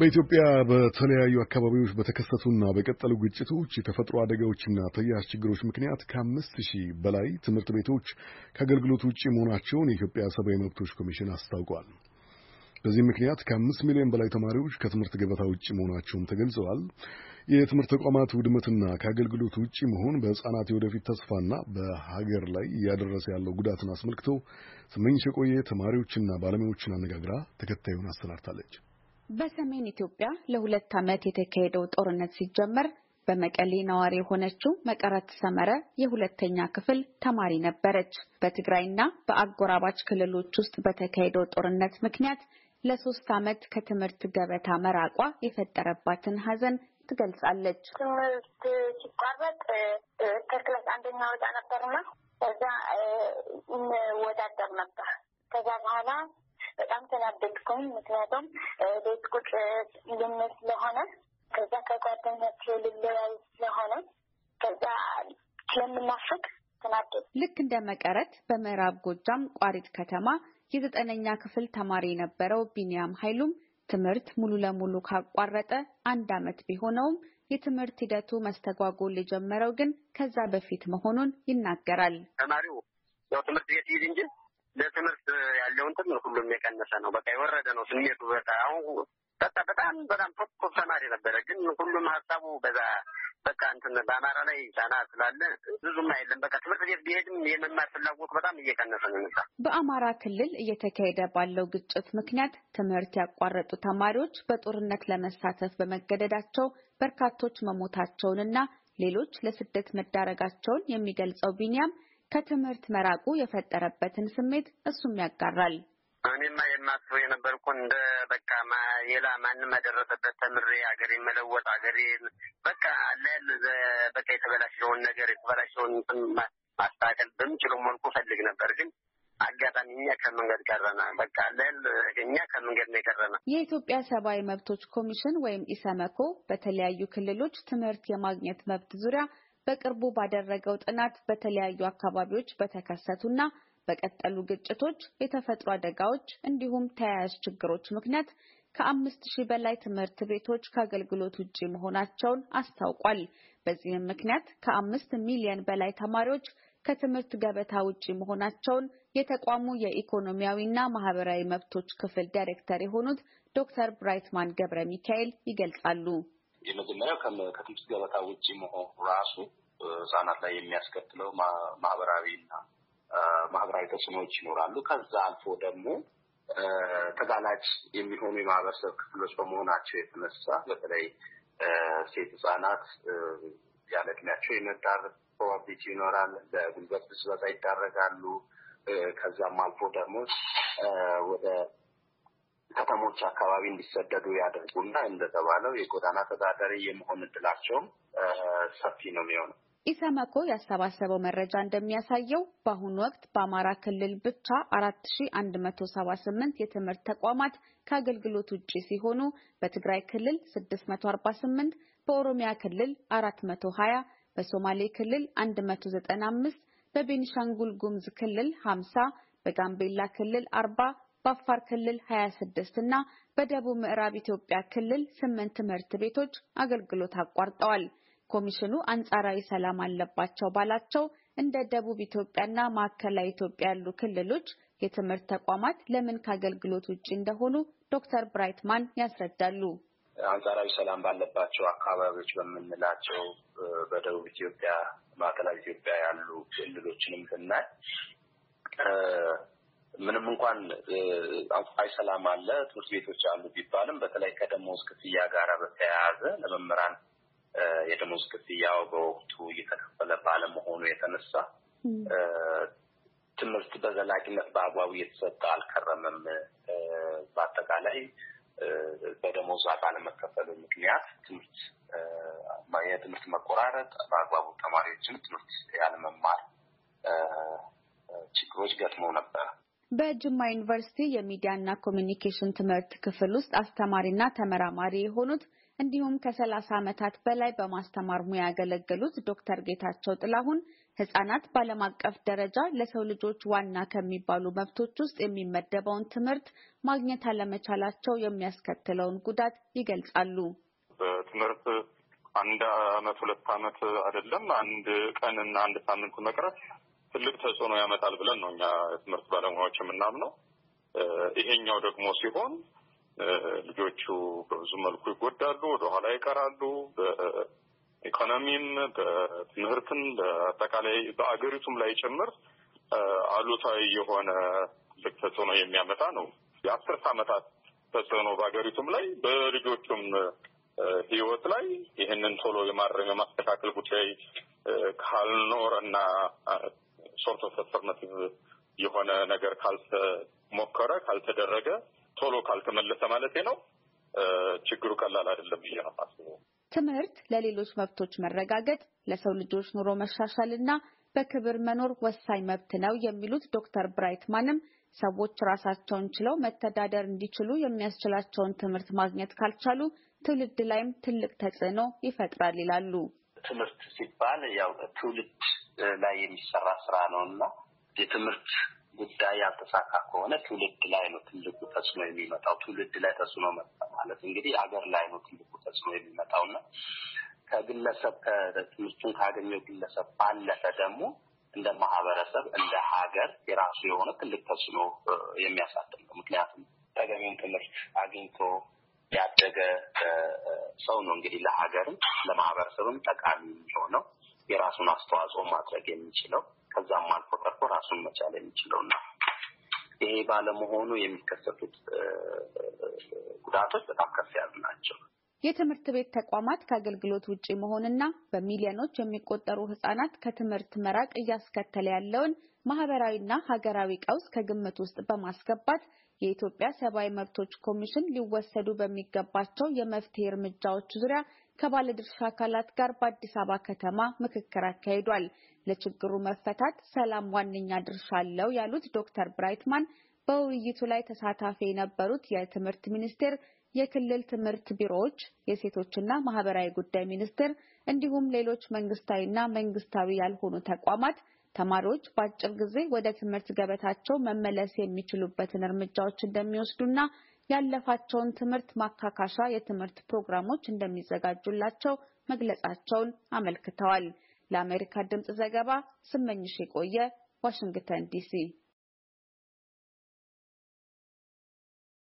በኢትዮጵያ በተለያዩ አካባቢዎች በተከሰቱና በቀጠሉ ግጭቶች፣ የተፈጥሮ አደጋዎችና ተያያዥ ችግሮች ምክንያት ከአምስት ሺህ በላይ ትምህርት ቤቶች ከአገልግሎት ውጭ መሆናቸውን የኢትዮጵያ ሰብአዊ መብቶች ኮሚሽን አስታውቋል። በዚህ ምክንያት ከአምስት ሚሊዮን በላይ ተማሪዎች ከትምህርት ገበታ ውጭ መሆናቸውም ተገልጸዋል። የትምህርት ተቋማት ውድመትና ከአገልግሎት ውጭ መሆን በሕፃናት የወደፊት ተስፋና በሀገር ላይ እያደረሰ ያለው ጉዳትን አስመልክቶ ስመኝሽ የቆየ ተማሪዎችና ባለሙያዎችን አነጋግራ ተከታዩን አሰናድታለች። በሰሜን ኢትዮጵያ ለሁለት ዓመት የተካሄደው ጦርነት ሲጀመር በመቀሌ ነዋሪ የሆነችው መቀረት ሰመረ የሁለተኛ ክፍል ተማሪ ነበረች። በትግራይና በአጎራባች ክልሎች ውስጥ በተካሄደው ጦርነት ምክንያት ለሶስት ዓመት ከትምህርት ገበታ መራቋ የፈጠረባትን ሐዘን ትገልጻለች። ትምህርት ሲቋረጥ ከክላስ አንደኛ ወጣ ነበርና ከዛ ወዳደር ነበር ከዛ በኋላ በጣም ተናደድኩኝ። ምክንያቱም ቤት ቁጭ ልምል ስለሆነ ከዛ ከጓደኞች ልለያይ ስለሆነ ከዛ ስለምናፍቅ ተናደድ ልክ እንደ መቀረት በምዕራብ ጎጃም ቋሪት ከተማ የዘጠነኛ ክፍል ተማሪ የነበረው ቢኒያም ኃይሉም ትምህርት ሙሉ ለሙሉ ካቋረጠ አንድ ዓመት ቢሆነውም የትምህርት ሂደቱ መስተጓጎል የጀመረው ግን ከዛ በፊት መሆኑን ይናገራል። ተማሪው ያው ትምህርት ቤት ይሄድ እንጂ ለትምህርት ያለው እንትን ሁሉም የቀነሰ ነው። በቃ የወረደ ነው ስሜቱ። በጣም በጣም በጣም ቶፕ ተማሪ ነበረ፣ ግን ሁሉም ሀሳቡ በዛ በቃ እንትን በአማራ ላይ ጫና ስላለ ብዙም አይደለም። በቃ ትምህርት ቤት ቢሄድም የመማር ፍላጎት በጣም እየቀነሰ ነው። በአማራ ክልል እየተካሄደ ባለው ግጭት ምክንያት ትምህርት ያቋረጡ ተማሪዎች በጦርነት ለመሳተፍ በመገደዳቸው በርካቶች መሞታቸውንና ሌሎች ለስደት መዳረጋቸውን የሚገልጸው ቢኒያም ከትምህርት መራቁ የፈጠረበትን ስሜት እሱም ያጋራል። እኔማ የማስበው የነበርኩ እንደ በቃ ሌላ ማንም ያደረሰበት ተምሬ ሀገሬ መለወጥ ሀገሬ በቃ ለል በቃ የተበላሸውን ነገር የተበላሸውን ማስተካከል በምችለው መልኩ ፈልግ ነበር ግን አጋጣሚ እኛ ከመንገድ ቀረና በቃ ለል እኛ ከመንገድ ነው የቀረና። የኢትዮጵያ ሰብአዊ መብቶች ኮሚሽን ወይም ኢሰመኮ በተለያዩ ክልሎች ትምህርት የማግኘት መብት ዙሪያ በቅርቡ ባደረገው ጥናት በተለያዩ አካባቢዎች በተከሰቱና በቀጠሉ ግጭቶች፣ የተፈጥሮ አደጋዎች እንዲሁም ተያያዥ ችግሮች ምክንያት ከአምስት ሺህ በላይ ትምህርት ቤቶች ከአገልግሎት ውጪ መሆናቸውን አስታውቋል። በዚህም ምክንያት ከአምስት ሚሊዮን በላይ ተማሪዎች ከትምህርት ገበታ ውጪ መሆናቸውን የተቋሙ የኢኮኖሚያዊና ማህበራዊ መብቶች ክፍል ዳይሬክተር የሆኑት ዶክተር ብራይትማን ገብረ ሚካኤል ይገልጻሉ። የመጀመሪያው ከትምህርት ገበታ ውጭ መሆን ራሱ ህጻናት ላይ የሚያስከትለው ማህበራዊ ማህበራዊና ማህበራዊ ተጽዕኖዎች ይኖራሉ። ከዛ አልፎ ደግሞ ተጋላጭ የሚሆኑ የማህበረሰብ ክፍሎች በመሆናቸው የተነሳ በተለይ ሴት ህጻናት ያለ እድሜያቸው የመዳረስ ፕሮባቢሊቲ ይኖራል። ለጉልበት ብዝበዛ ይዳረጋሉ። ከዛም አልፎ ደግሞ ወደ ከተሞች አካባቢ እንዲሰደዱ ያደርጉና እንደተባለው የጎዳና ተዳዳሪ የመሆን እድላቸውም ሰፊ ነው የሚሆነው። ኢሰመኮ ያሰባሰበው መረጃ እንደሚያሳየው በአሁኑ ወቅት በአማራ ክልል ብቻ 4178 የትምህርት ተቋማት ከአገልግሎት ውጪ ሲሆኑ በትግራይ ክልል 648፣ በኦሮሚያ ክልል 420፣ በሶማሌ ክልል 195፣ በቤኒሻንጉል ጉምዝ ክልል 50፣ በጋምቤላ ክልል 40 በአፋር ክልል 26 እና በደቡብ ምዕራብ ኢትዮጵያ ክልል ስምንት ትምህርት ቤቶች አገልግሎት አቋርጠዋል። ኮሚሽኑ አንጻራዊ ሰላም አለባቸው ባላቸው እንደ ደቡብ ኢትዮጵያና ማዕከላዊ ኢትዮጵያ ያሉ ክልሎች የትምህርት ተቋማት ለምን ከአገልግሎት ውጭ እንደሆኑ ዶክተር ብራይትማን ያስረዳሉ። አንጻራዊ ሰላም ባለባቸው አካባቢዎች በምንላቸው በደቡብ ኢትዮጵያ፣ ማዕከላዊ ኢትዮጵያ ያሉ ክልሎችንም ስናይ ምንም እንኳን አንጻራዊ ሰላም አለ፣ ትምህርት ቤቶች አሉ ቢባልም በተለይ ከደሞዝ ክፍያ ጋር በተያያዘ ለመምህራን የደሞዝ ክፍያው በወቅቱ እየተከፈለ ባለመሆኑ የተነሳ ትምህርት በዘላቂነት በአግባቡ እየተሰጠ አልከረመም። በአጠቃላይ በደሞዝ ባለመከፈሉ ምክንያት ትምህርት የትምህርት መቆራረጥ፣ በአግባቡ ተማሪዎችን ትምህርት ያለመማር ችግሮች ገጥመው ነበር። በጅማ ዩኒቨርሲቲ የሚዲያና ኮሚኒኬሽን ትምህርት ክፍል ውስጥ አስተማሪና ተመራማሪ የሆኑት እንዲሁም ከሰላሳ ዓመታት በላይ በማስተማር ሙያ ያገለገሉት ዶክተር ጌታቸው ጥላሁን ህጻናት በዓለም አቀፍ ደረጃ ለሰው ልጆች ዋና ከሚባሉ መብቶች ውስጥ የሚመደበውን ትምህርት ማግኘት አለመቻላቸው የሚያስከትለውን ጉዳት ይገልጻሉ። በትምህርት አንድ አመት ሁለት አመት አይደለም አንድ ቀን እና አንድ ሳምንት መቅረት ትልቅ ተጽዕኖ ያመጣል ብለን ነው እኛ ትምህርት ባለሙያዎች የምናምነው። ይሄኛው ደግሞ ሲሆን ልጆቹ በብዙ መልኩ ይጎዳሉ፣ ወደኋላ ይቀራሉ። በኢኮኖሚም፣ በትምህርትም፣ በአጠቃላይ በአገሪቱም ላይ ጭምር አሉታዊ የሆነ ትልቅ ተጽዕኖ የሚያመጣ ነው። የአስርት ዓመታት ተጽዕኖ በሀገሪቱም ላይ በልጆቹም ህይወት ላይ ይህንን ቶሎ የማረም የማስተካከል ጉዳይ ካልኖረ እና ሶርት ኦፍ አልተርናቲቭ የሆነ ነገር ካልተሞከረ ካልተደረገ ቶሎ ካልተመለሰ ማለት ነው ችግሩ ቀላል አይደለም ብዬ ነው አስበው። ትምህርት ለሌሎች መብቶች መረጋገጥ ለሰው ልጆች ኑሮ መሻሻልና በክብር መኖር ወሳኝ መብት ነው የሚሉት ዶክተር ብራይትማንም ሰዎች ራሳቸውን ችለው መተዳደር እንዲችሉ የሚያስችላቸውን ትምህርት ማግኘት ካልቻሉ ትውልድ ላይም ትልቅ ተጽዕኖ ይፈጥራል ይላሉ። ትምህርት ሲባል ያው ትውልድ ላይ የሚሰራ ስራ ነው እና የትምህርት ጉዳይ ያልተሳካ ከሆነ ትውልድ ላይ ነው ትልቁ ተጽዕኖ የሚመጣው። ትውልድ ላይ ተጽዕኖ መጣ ማለት እንግዲህ ሀገር ላይ ነው ትልቁ ተጽዕኖ የሚመጣው እና ከግለሰብ ትምህርቱን ካገኘው ግለሰብ ባለፈ ደግሞ እንደ ማህበረሰብ እንደ ሀገር የራሱ የሆነ ትልቅ ተጽዕኖ የሚያሳድር ነው። ምክንያቱም ተገቢውን ትምህርት አግኝቶ ያደገ ሰው ነው እንግዲህ ለሀገርም ለማህበረሰብም ጠቃሚ የሚሆነው። የራሱን አስተዋጽኦ ማድረግ የሚችለው ከዛም አልፎ ተርፎ ራሱን መቻል የሚችለው እና ይሄ ባለመሆኑ የሚከሰቱት ጉዳቶች በጣም ከፍ ያሉ ናቸው። የትምህርት ቤት ተቋማት ከአገልግሎት ውጪ መሆንና በሚሊዮኖች የሚቆጠሩ ሕጻናት ከትምህርት መራቅ እያስከተለ ያለውን ማህበራዊና ሀገራዊ ቀውስ ከግምት ውስጥ በማስገባት የኢትዮጵያ ሰብአዊ መብቶች ኮሚሽን ሊወሰዱ በሚገባቸው የመፍትሄ እርምጃዎች ዙሪያ ከባለድርሻ አካላት ጋር በአዲስ አበባ ከተማ ምክክር አካሂዷል። ለችግሩ መፈታት ሰላም ዋነኛ ድርሻ አለው ያሉት ዶክተር ብራይትማን በውይይቱ ላይ ተሳታፊ የነበሩት የትምህርት ሚኒስቴር፣ የክልል ትምህርት ቢሮዎች፣ የሴቶችና ማህበራዊ ጉዳይ ሚኒስቴር እንዲሁም ሌሎች መንግስታዊና መንግስታዊ ያልሆኑ ተቋማት ተማሪዎች በአጭር ጊዜ ወደ ትምህርት ገበታቸው መመለስ የሚችሉበትን እርምጃዎች እንደሚወስዱና ያለፋቸውን ትምህርት ማካካሻ የትምህርት ፕሮግራሞች እንደሚዘጋጁላቸው መግለጻቸውን አመልክተዋል። ለአሜሪካ ድምፅ ዘገባ ስመኝሽ የቆየ ዋሽንግተን ዲሲ